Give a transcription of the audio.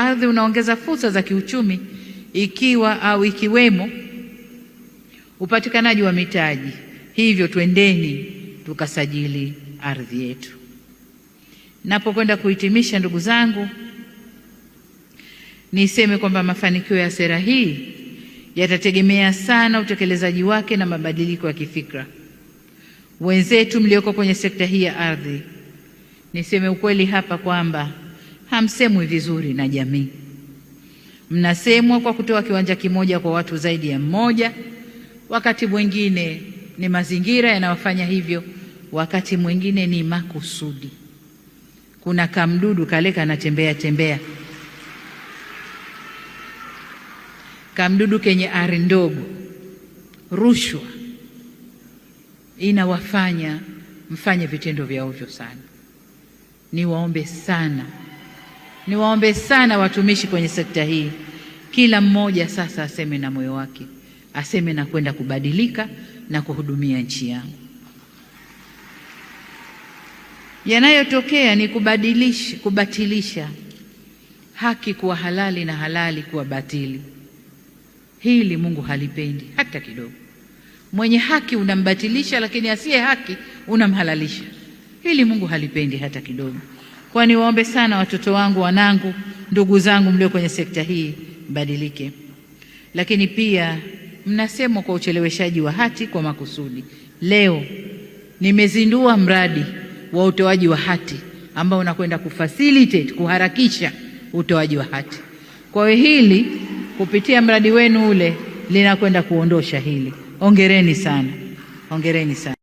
ardhi unaongeza fursa za kiuchumi ikiwa au ikiwemo upatikanaji wa mitaji. Hivyo twendeni tukasajili ardhi yetu. Napokwenda kuhitimisha, ndugu zangu, niseme kwamba mafanikio ya sera hii yatategemea sana utekelezaji wake na mabadiliko ya kifikra. Wenzetu mlioko kwenye sekta hii ya ardhi, niseme ukweli hapa kwamba hamsemwi vizuri na jamii, mnasemwa kwa kutoa kiwanja kimoja kwa watu zaidi ya mmoja. Wakati mwingine ni mazingira yanayofanya hivyo, wakati mwingine ni makusudi. Kuna kamdudu kale kanatembea tembea, kamdudu kenye ari ndogo, rushwa inawafanya mfanye vitendo vya ovyo sana. Niwaombe sana Niwaombe sana watumishi kwenye sekta hii, kila mmoja sasa aseme na moyo wake, aseme na kwenda kubadilika na kuhudumia nchi yangu. Yanayotokea ni kubadilisha, kubatilisha haki kuwa halali na halali kuwa batili. Hili Mungu halipendi hata kidogo. Mwenye haki unambatilisha, lakini asiye haki unamhalalisha. Hili Mungu halipendi hata kidogo. Kwa niwaombe sana watoto wangu, wanangu, ndugu zangu mlio kwenye sekta hii, mbadilike. Lakini pia mnasemwa kwa ucheleweshaji wa hati kwa makusudi. Leo nimezindua mradi wa utoaji wa hati ambao unakwenda kufacilitate kuharakisha utoaji wa hati. Kwa hiyo hili kupitia mradi wenu ule linakwenda kuondosha hili. Hongereni sana, hongereni sana.